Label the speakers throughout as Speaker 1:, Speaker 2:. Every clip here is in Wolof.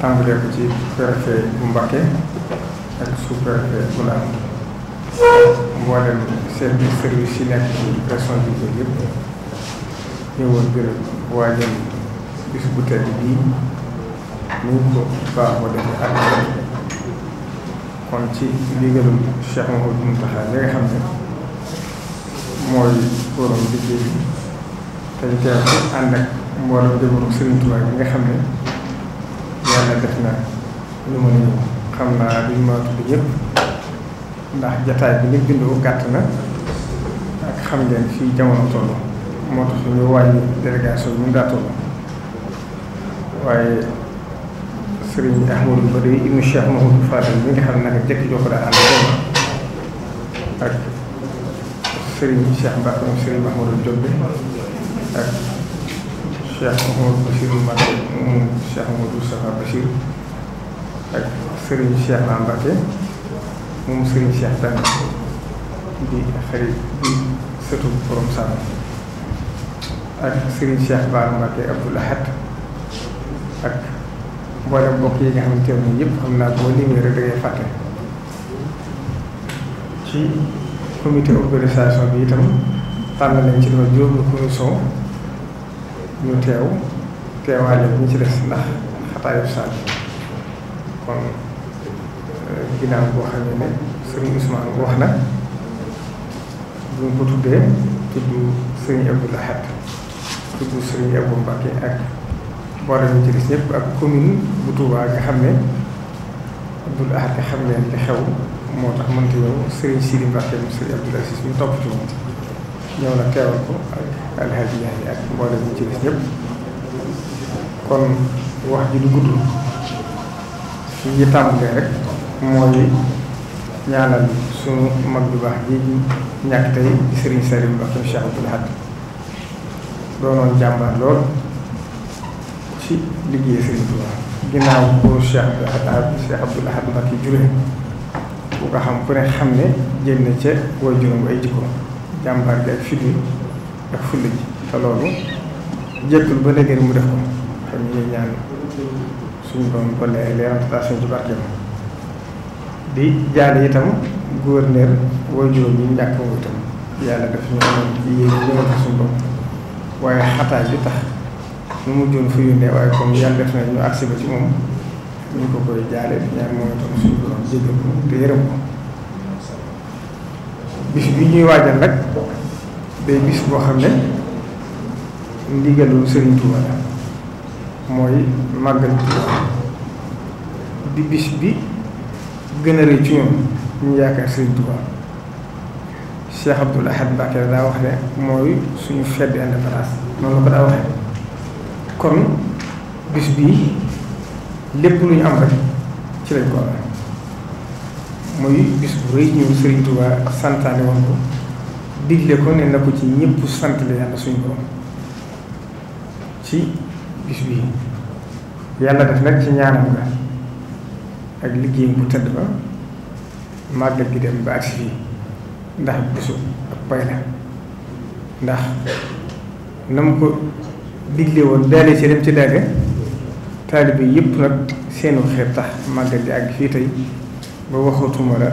Speaker 1: tàmbalee ko ci préfet bu Mbacké ak sous-préfet bu Ndam mboolem service service yi nekk ci région bi yëpp ñëwoon ngir waajal bis bu tedd bii ñu ko baaxoo defee ak kon ci ndigalum Cheikh Mouhamadou Mountakha li nga xam ne mooy borom liggéey bi te ñu teew ànd ak mboolem jabaru Serigne Touba bi nga xam ne. yàlla def na lu ma xam naa duñ ma tudd ñëpp ndax jataay bi ni bindoo gàtt na ak xam ngeen ci jamono toll moo tax ñu wàññi délégation bi mu daa toll waaye sëriñ Ahmadou Bari ibnu Cheikh Mahoudou Fadal ak sëriñ Cheikh Mbacke moom sëriñ ak Cheikh Mouhamadou Bachir Mbacké moom Cheikh Mouhamadou Moustapha Bachir ak Serigne Cheikh Naa Mbacké moom Serigne Cheikh Tane di xarit di sëtu borom Sàmm ak Serigne Cheikh Bara Mbacké Abdoul Ahad ak mboolem mbokk yi nga xamante ne xam naa boo limee rek da ngay fàtte ci comité organisation bi itam tànn nañ ci dama juróomi commission ñu teew teewaale ñu ci des ndax xataayu saal kon euh, ginnaaw boo xam ne sëriñ Ousmane wax na bu ñu ko tuddee tudd sëriñ Abdou Lahad tudd sëriñ Abou Mbacké ak boole ñu ci des nga xam ne Abdou xam leen xew moo tax mënta yow sëriñ Sidi Mbacké mu sëriñ Abdou Aziz ñu topp ci moom ñëw na teewal ko alxaaji Njaay ak mboolem ñu ci gis ñëpp kon wax ji du gudd fi ñu rek mooy ñaanal suñu mag bu baax ji ñàkk tey Serigne Salim Mbacké Cheikh Abdoul Ahad doonoon jàmbaar lool ci liggéey Serigne Touba ginnaaw bu Cheikh Abdoul Ahad Cheikh Abdoul Ahad Mbacké jure bu nga xam ku ne xam ne jël na ca waajuram ay jikko jàmbaar gi ak fit ak fulla ji te loolu ba léegi mu def ko kon ñu ñaan suñu doom ko lee leeral station ci barkeem di jaale itam gouverneur wooy juróom yi ñàkk moom itam yàlla def waaye xataay bi tax ñu mujjoon fu yónnee waaye comme yàlla def na ñu agsi ba ci moom ñu ko koy jaale ñaan moom itam suñu doom jéggal ko te yërëm ko bi ñuy waajal nag day bis boo xam ne ndigalul Sëriñ Tuuba la mooy màggal di bis bi gën a rëy ci ñoom ñu yaakaar Sëriñ Tuuba Cheikh Abdoul Ahad Mbacké wax ne mooy suñu fête d'indépendance noonu la ko daa waxee kon bis bii lépp lu ñu am rek ci lañ ko amee bis bu rëy ñëw Sëriñ Tuuba santaane woon ko digle ko ne na ko ci ñëpp sant la yàlla suñu borom ci bis bii yàlla def nag ci ñaanam nga ak liggéey bu tëdd ba màggal gi dem ba agsi fii ndax bisu ak pay la ndax na mu ko digle woon daale ci dem ci dagge taalibe yëpp nag seenu xeet tax màggal gi àgg fii tey ba waxatuma la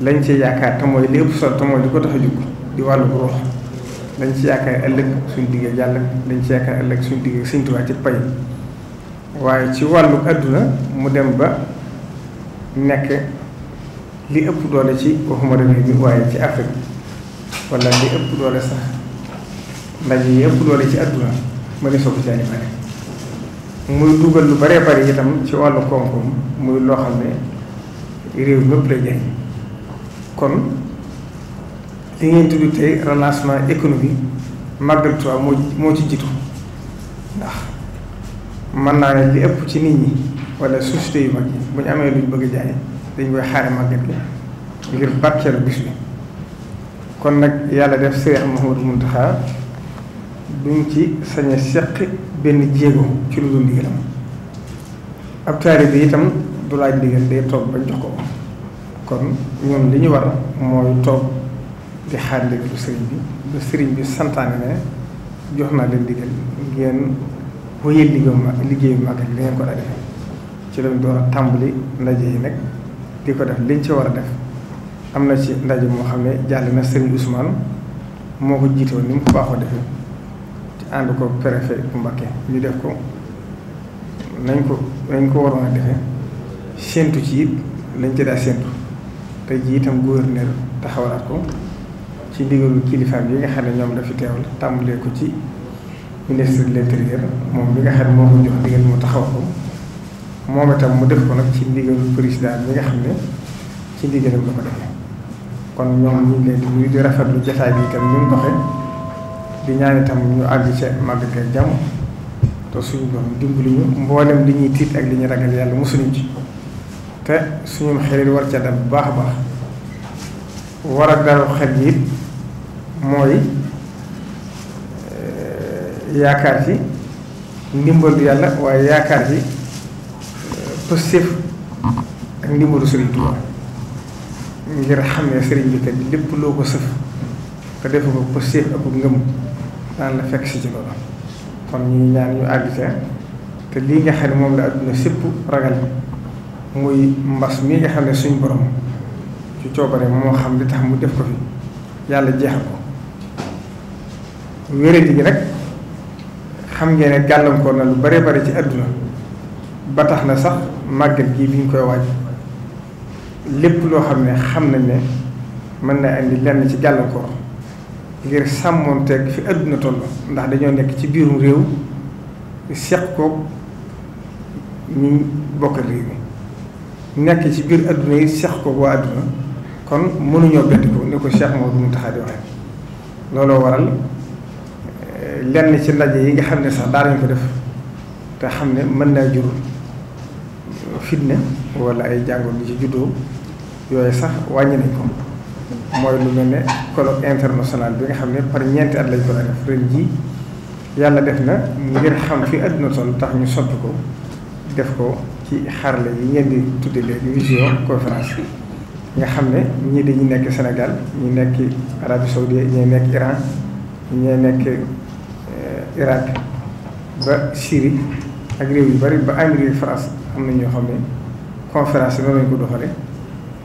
Speaker 1: lañ ci yaakaar te mooy lépp sol te mooy ko tax a jóg di wàllu ruux lañ ci yaakaar ëllëg suñ diggee yàlla lañ ci yaakaar ëllëg suñ diggee Sëñ Tuubaa ci pay waaye ci wàllu àdduna mu dem ba nekk li ëpp doole ci waxuma réew ci Afrique wala doole sax yi ëpp doole ci àdduna ma ne soog jaay bare muy dugal lu baree bari itam ci wàll koom-koom muy loo xam ne réew mépp lay jaay kon li ngeen tudd tey relancement économique Màggal Tuubaa moo moo ci jiitu ndax mën naa ne li ëpp ci nit ñi wala société yu mag yi bu ñu amee luñ bëgg a jaay dañ koy xaare màggal gi ngir barkeelu bis bi kon nag yàlla def Sëriñ Mouhamadou Mountakha duñ ci sañ a benn jéego ci lu dul ndigalam ab taalibe bi itam du laaj ndigal day toog bañ jox ko. kon ñun li ñu war a mooy toog di xaar lu sëriñ bi lu sëriñ bi santaane ne jox naa leen digal ngeen wéyal liggéeyu mag liggéeyu li ngeen ko daa defee ci lañ door a tàmbali ndaje yi nag di ko def liñ ci war a def am na ci ndaje moo xam ne jàll na sëriñ Ousmane moo ko jiitoon ni mu ko baaxoo defe ci ànd ko préfet bu Mbacké ñu def ko nañ ko nañ ko waroon a defee séentu ci it lañ ci daa séentu te jii itam gouverneur taxawalaat ko ci ndigalu kilifaam yi nga xam ne ñoom dafi teewal tàmbalee ko ci ministre de l'intérieur moom bi nga xam ne moom ko jox ndigal mu ko moom itam mu def ko nag ci ndigalu président bi nga xam ne ci ndigalam la ko defee kon ñoom ñu ngi leen di nuyu lu rafetlu jotaay bi itam ñu ngi doxee di ñaan itam ñu àgg ca màgg ga jàmm te suñu borom dimbali ñu mboolem li ñuy tiit ak li ñuy ragal yàlla mosuñu ci. te suñu xel war ca dem bu baax a baax war a daru xel yi mooy eh, yaakaar ci ndimbalu yàlla waaye yaakaar ci eh, positif ak ndimbalu Sëriñ Tuubaa ngir xam ne sëriñ bi kat lépp loo ko sëf te defu ko positif ak ngëm daan la fekk si ci loolu kon ñuy ñaan ñu àgg ca te lii nga xam ne moom la adduna sépp ragal muy mbas mi nga xam ne suñ borom ci coobare moo xam li tax mu def ko fi yàlla jeexal ko wéradi gi nag xam ngeen ne gàllankoor na lu bare bare ci àdduna ba tax na sax màggal gi bi ñu koy waaj lépp loo xam ne xam nañ ne mën na andi lenn ci gàllankoor ngir sàmmoonteeg fi àdduna toll ndax dañoo nekk ci biirum réew seq kook ñu bokk réew nekk ci biir adduna yi seq ko waa àdduna kon mënuñoo bett ko ni ko Cheikh Maodo Moutakha di waxee looloo waral eh, lenn ci ndaje yi nga xam ne sax daanañ ko def te xam ne mën naa jur fitna wala ay jàngoor bi ci juddoo yooyu sax wàññi nañ ko mooy lu mel ne colloque international bi nga xam ne par ñeenti at lañ ko daan def jii yàlla def na ngir xam fi adduna toll tax ñu soppi ko def ko ci xarle yi ngeen di tudde léegi visio conférence nga xam ne ñii dañu nekk Sénégal ñu nekk Arabie Saoudite ñee nekk Iran ñee nekk euh, Irak ba Syrie ak réew yu bari ba Amérique France am na ñoo xam ne conférence noonu lañ ko doxale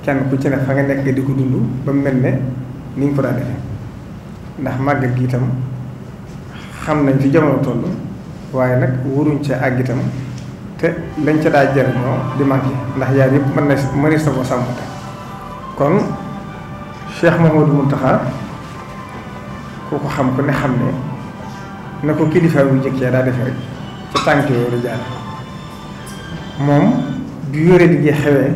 Speaker 1: kenn ku ci ne fa nga nekk di ko dund ba mel ne ni ñu ko daan defee ndax màggal gi itam xam nañ fi jamono toll waaye nag waruñ ca àggitam te lañ ca daa jëriñoo di manqué ndax yaar yëpp mën na mënees na ko sàmmante kon Cheikh Mouhamadou Mountakha ku ko xam ku ne xam ne na ko kilifa bu njëkk yaa daa defee rek ca tànk yooyu la jaar moom bi yore di gi xewee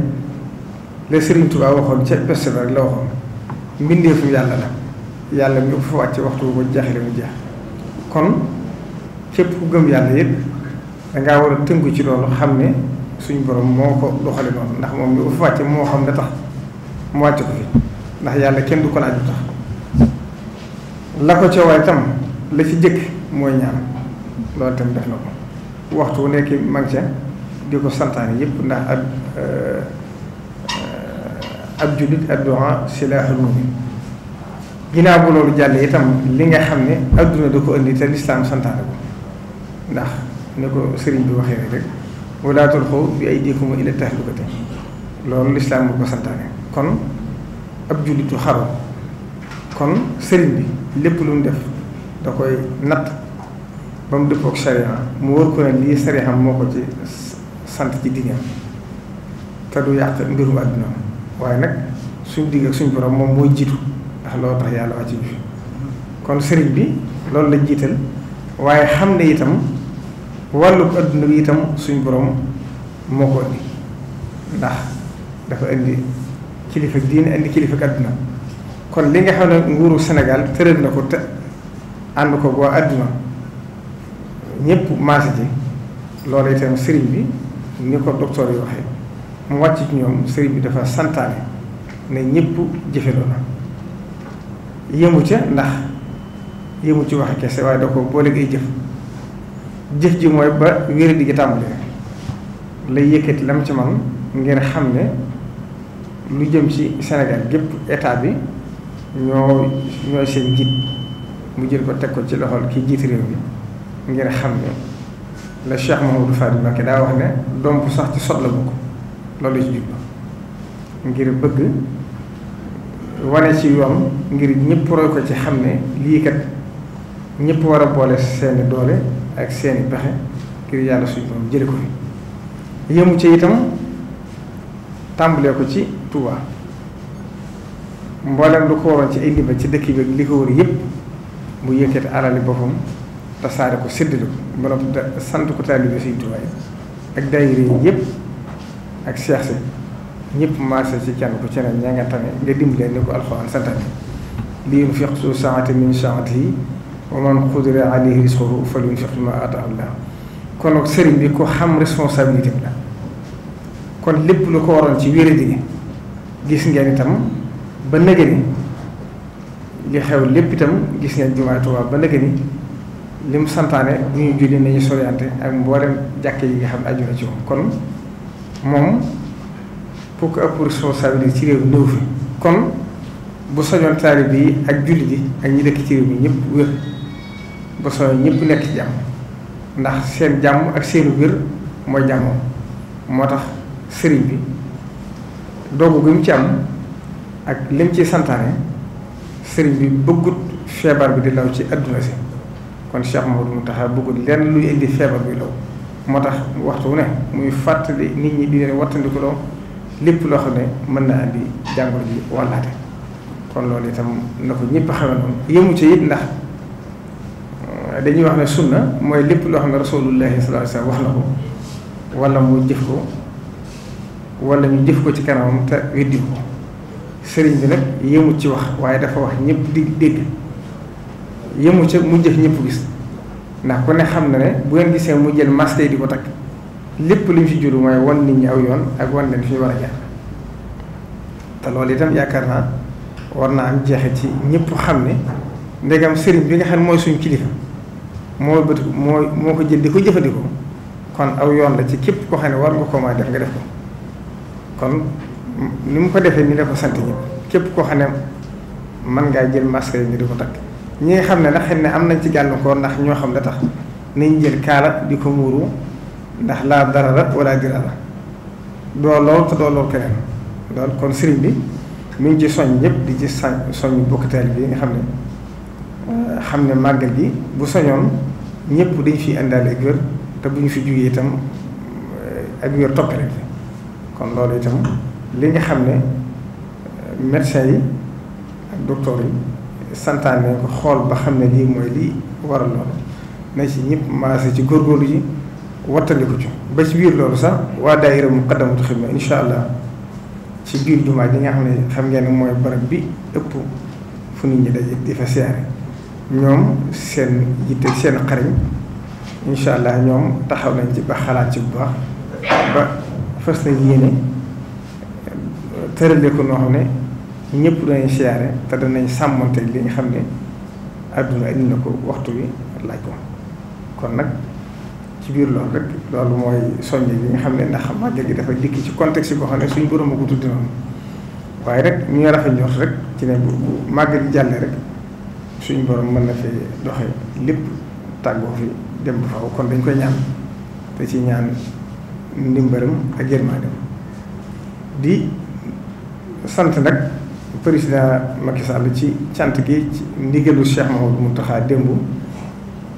Speaker 1: la Serigne Touba waxoon ca peste la waxoon mbindeefum yàlla la yàlla mi ko fa wàcce waxtu ko jeexale mu jeex kon képp ku gëm yàlla yëpp dangaa war a tënku ci loolu xam ne suñu boroom moo ko doxale noonu ndax moom lu fa wàcce moo xam ne tax mu wàcce ko fi ndax yàlla kenn du ko laaj lu tax la ko ca tam la ci jëkk mooy ñaan loolu tam def na ko waxtu wu nekk mag ca di ko santaane yépp ndax ab euh, ab jullit addu'a silaaxul mu'min ginnaaw bu loolu jàll itam li nga xam ne adduna da ko indi te lislaam santaane ko ndax ne ko sëriñ bi waxee rek wala tulqu bi aydikum loolu lislaam bu ko santaane kon ab jullitu xaru kon sëriñ bi lépp lu mu def da koy natt ba mu ko ne lii sariya moo ko ci sant ci diggam te du àdduna waaye nag suñ digg ak borom moom mooy jiitu ndax loolu bi kon sëriñ bi loolu la jiital waaye xam ne itam wàllu àdduna bi itam suñ boroom moo ko indi ndax dafa indi kilifa diine indi kilifa adduna kon li nga xam ne nguuru Sénégal tëral na ko te ànd ko waa adduna ñëpp maase ji loolu itam sëriñ bi ni ko docteur yi waxee mu wàcc ci ñoom sëriñ bi dafa santaane ne ñëpp jëfe na yëmu ca ndax yëmu ci waxe kese waaye da ko booleeg ay jëf jëf ji mooy ba wéradi gi tàmbali lay yëkkati lam ci man ngeen xam ne lu jëm ci Sénégal gépp état bi ñoo ñooy seen njiit mu jël ko teg ko ci loxol ki jiit réew bi ngeen xam ne la Cheikh Mahamadou Fadil Mbacké daa wax ne doom bu sax ci sot la bokk loolu ci jublu ngir bëgg wane ci yoon ngir ñëpp roy ko ci xam ne lii kat ñëpp war a boole seeni doole ak seeni pexe ngir yàlla suñu borom jële ko fi yëmu ci itam tàmbalee ko ci Touba mboolem lu ko waroon ci ay liba ci dëkk bi li ko wër yëpp mu yëkkati alali boppam tasaare ko sedd ko sant ko taalibe Sëriñ Touba yi ak daayira yi yëpp ak seex si ñëpp marché ci kenn ku ci ne ña nga tane nga dimbalee ni ko alxuraan santaane li yunfiq su saati min saatihi wa man qudira alayhi rizquhu falyunfiq mimmaa aataahu Allah kon sëriñ bi ko xam responsabilité bi la kon lépp lu ko waroon ci wér-gu-gi gis ngeen itam ba nëgë ni li xew lépp itam gis ngeen jumaay Tuubaa ba nëgë ni li mu santaane bu ñu julli nañu soriante ak mboolem jàkke yi nga xam ne aju na ci moom kon moom pour que ëpp responsabilité ci réew néew fi kon bu soñoon taalib yi ak jullit yi ak ñi dëkk ci réew mi ñëpp wér ba sooy ñëpp nekk ci jàmm ndax seen jàmm ak seenu biir mooy jàmmoom moo tax sëriñ bi doogu gi mu ci am ak lim ci santaane sëriñ bi bëggut feebar bi di law ci adduna si kon Cheikh Mouhamadou Mountakha bëggut lenn luy indi feebar bi law moo tax waxtu wu ne muy fàttali nit ñi di leen wattandiku lépp loo xam ne mën naa indi jàngoro ji wàllaate kon loolu itam na ko ñëpp xamee noonu yëmu ci it ndax dañuy wax ne sunna mooy lépp loo xam ne rasulullahi sallallahu alayhi wasallam wax na ko wala mu jëf ko wala ñu jëf ko ci kanamam te weddi ko sëriñ bi nag yëmu ci wax waaye dafa wax ñëpp di dégg yëmu ca mu jëf ñëpp gis ndax ko ne xam na ne bu ngeen gisee mu jël masque di ko takk lépp lu mu ci juru mooy wan nit ñi aw yoon ak wan leen fi ñu war a jaar te loolu itam yaakaar naa war naa am jeexe ci ñëpp xam ne ndegam sëriñ bi nga xam ne mooy suñu kilifa. moo bët moo moo ko jël di ko jëfandikoo kon aw yoon la ci képp ko xam ne war nga ko maa def nga def ko kon ni mu ko defee ni la ko sant ñëpp képp ko xam ne mën ngaa jël masque yi di ko takk ñi xam ne nag xëy na am nañ ci gàllankoor ndax ñoo xam la tax nañ jël kaala di ko muuru ndax laa darara wala dirara doo lool te doo lool keneen loolu kon sëriñ bi mu ñu ci soñ ñëpp di ci soñ soñ bokkitaal bi nga xam ne xam ne màggal gi bu soñoon ñëpp dañ fi indaale ak wér te bu ñu fi jugee itam euh, ak wér toppale kon loolu itam li nga xam ne euh, médecin yi ak docteur yi santaan nañ ko xool ba xam ne lii mooy lii waral loolu na ci ñëpp maase ci góor góorgóorlu ji wattandiku ci ba ci biir loolu sax waa daayira Muqaddamatul Xidma incha allah ci biir jumaa ji nga xam ne xam ngeen mooy barab bi ëpp fu nit ñi daje di fa siyaare ñoom seen yitte seen xariñ incha allah ñoom taxaw nañ ci ba xalaat ci bu baax ba fas yéene tërale ko noo xam ne ñëpp danañ siyaare te danañ sàmmante li nga xam ne àdduna indi na ko waxtu wi laaj ko kon nag ci biir loolu rek loolu mooy soññ yi nga xam ne ndax màggal yi dafa dikk ci contexte boo xam ne suñ borom a ko tudd noonu waaye rek ñu ngi rafet njort rek ci ne bu màggal gi jàllee rek. suñ borom mën na fi doxe lépp tàggoo fi dem ba faaw kon dañ koy ñaan te ci ñaan ndimbalam ak yërmaandem di sant nag président Macky sàll ci cant gi ci ndigalu Cheikh Mahamadou Mountakha démb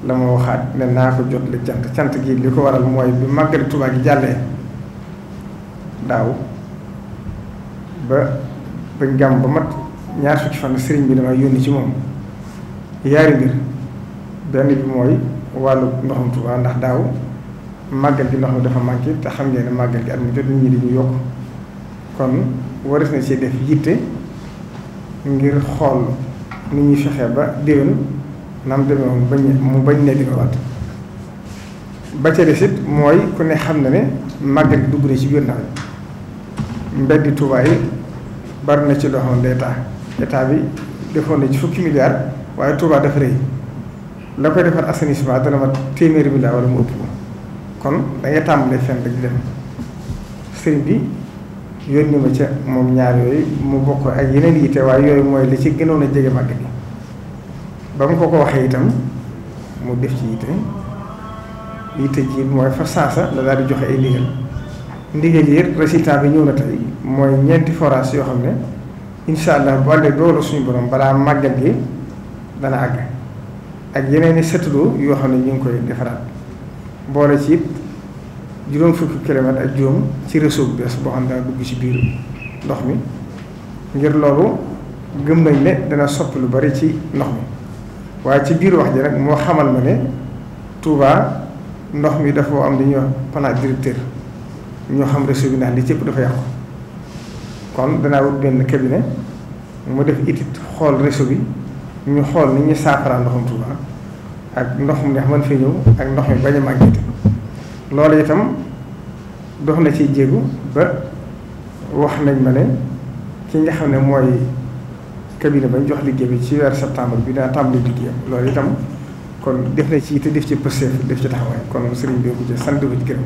Speaker 1: la ma waxaat ne naa ko jot la cant cant gi li ko waral mooy bi màggali Tuubaa yi jàllee daaw ba bañ gàmm ba mat ñaar fukki fan sëriñ bi dama yónni ci moom yaari mbir benn bi mooy wàllu ndoxum Tuuba ndax daaw màggal gi ndox mi dafa manqué te xam ngeen ne màggal gi at mi jot nit ñi dañuy yokk kon waris na ci def yitte ngir xool ni ñuy fexe ba déwén na mu demee woon bañ mu bañ ne di ko ba ca des mooy ku ne xam na ne màggal gi dugg na ci biir nawet mbedd Tuuba yi bari na ci loo xam ne état bi defoon na ci fukki milliards. waaye Touba dafa rëy la koy defar assainissement dana mat téeméeri bi laa wala mu ëpp kon da ngay tàmbalee fenn di dem sëriñ bi yónni ma ca moom ñaar yooyu mu bokk ak yeneen yitte waaye yooyu mooy li ci gënoon a jege màgg bi ba mu ko ko waxee itam mu def ci yitte yitte ji mooy fa saasa la daal di joxe ay ndigal ndigal yi résultat bi ñëw na tey mooy ñeenti forage yoo xam ne incha allah bu àndee doolu suñu borom balaa màggal gi. dana àgg ak yeneen i satuloo yoo xam ne ñu ngi koy defaraat boole ci it juróom fukki kilomètre ak juróom ci réseau bu bees boo xam ne dana dugg ci biir ndox mi ngir loolu gëm nañ ne dana soppi lu bari ci ndox mi waaye ci biir wax ji nag moo xamal ma ne Touba ndox mi dafa am li ñuy wax plan directeur ñoo xam réseau bi ndax li cëpp dafa yàqu kon danaa wut benn cabinet mu def étude xool réseau bi ñu xool ni ñuy saafara ndoxum Touba ak ndox mu neex man fi ñëw ak ndox mi bañ a màggati loolu itam dox na ci jéegu ba wax nañ ma ne ki nga xam ne mooy ba ñu jox liggéey bi ci weer septembre bi naa tàmbali liggéeyam loolu itam kon def na ci te def ci pëstéef def ci taxawaay kon sëriñ bi ko ci sant ko ci gërëm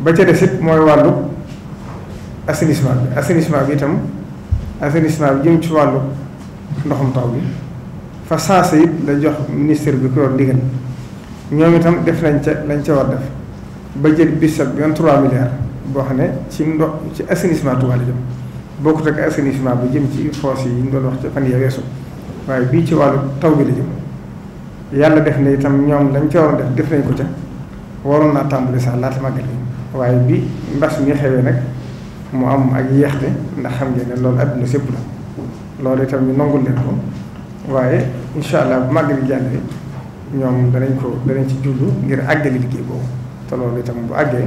Speaker 1: ba ca des it mooy wàllu assainissement bi assainissement bi itam assainissement bi jëm ci wàllu ndoxum taw bi fa saasa it la jox ministère bi ko yor ndigal ñoom itam def nañ ca lañ ca war def ba jël bisab yoon 3 milliards boo xam ne ci ndox ci assainissement Touba la jëm bokkut ak assainissement bu jëm ci fosse yi ñu doon wax ci fan ya weesu waaye bii ci wàllu taw bi la jëm def na itam ñoom lañ ca waroon def def nañ ko ca waroon naa tàmbali sax laata màggal gi waaye bi mbas mi xewee nag mu am ak yeexte ndax xam ngeen ne loolu àdduna sépp la loolu itam ñu nangul leen ko waaye incha allah bu màgg bi jàllee ñoom danañ ko danañ ci jublu ngir àggali liggéey boobu te loolu itam bu àggee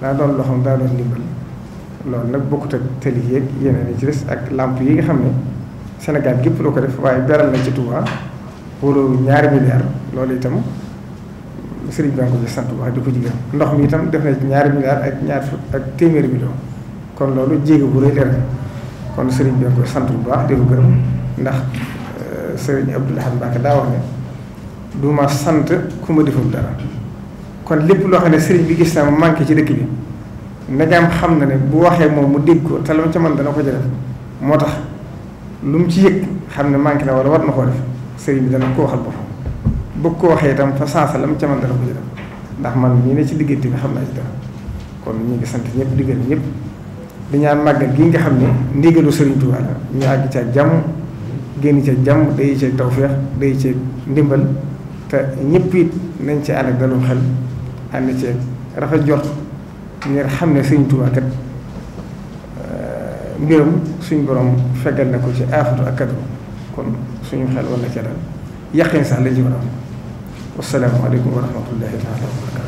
Speaker 1: daa doon loo xam daa loolu nag bokkut ak tëli yeneen ci des ak làmp yi nga xam ne Sénégal gépp loo ko def waaye beral na ci Touba pour ñaari milliards loolu itam sëriñ bi ko sant wax di ko ndox mi itam def na ci ñaari milliards ak ñaar ak téeméeri million kon loolu jéego bu rëy kon sëriñ bi koy sant bu baax di gërëm ndax euh, sëriñ Abdoul Ahad Mbacké daa ne du ma sant ku ma deful dara kon lépp loo xam ne sëriñ bi gis naa manqué ci dëkk bi ndegam xam na ne bu waxee moom mu dégg ko te lu ca man dana ko jëlee moo tax lu mu ci yëg xam ne manqué na wala war na koo def sëriñ bi dana ko waxal boppam bu ko waxee itam fa sansa la mu ca man dana ko jëlee ndax man ñi ne ci diggante bi xam naa ci dara kon ñu sant ñëpp diggante ñëpp. di ñaan màggal gi nga xam ne ndigalu Serigne Touba ñu àgg ca jàmm génn ca jàmm day ca tawféex day ca ndimbal te ñëpp it nañ ci ànd ak dalum xel ànd ci rafet jot ngir xam ne Serigne Touba kat euh, mbiram suñ borom fegal ne ko ci aafatu ak kaddu kon suñu xel wala ca dal yàqin sax lañ ci war a am wasalaamaaleykum wa rahmatullahi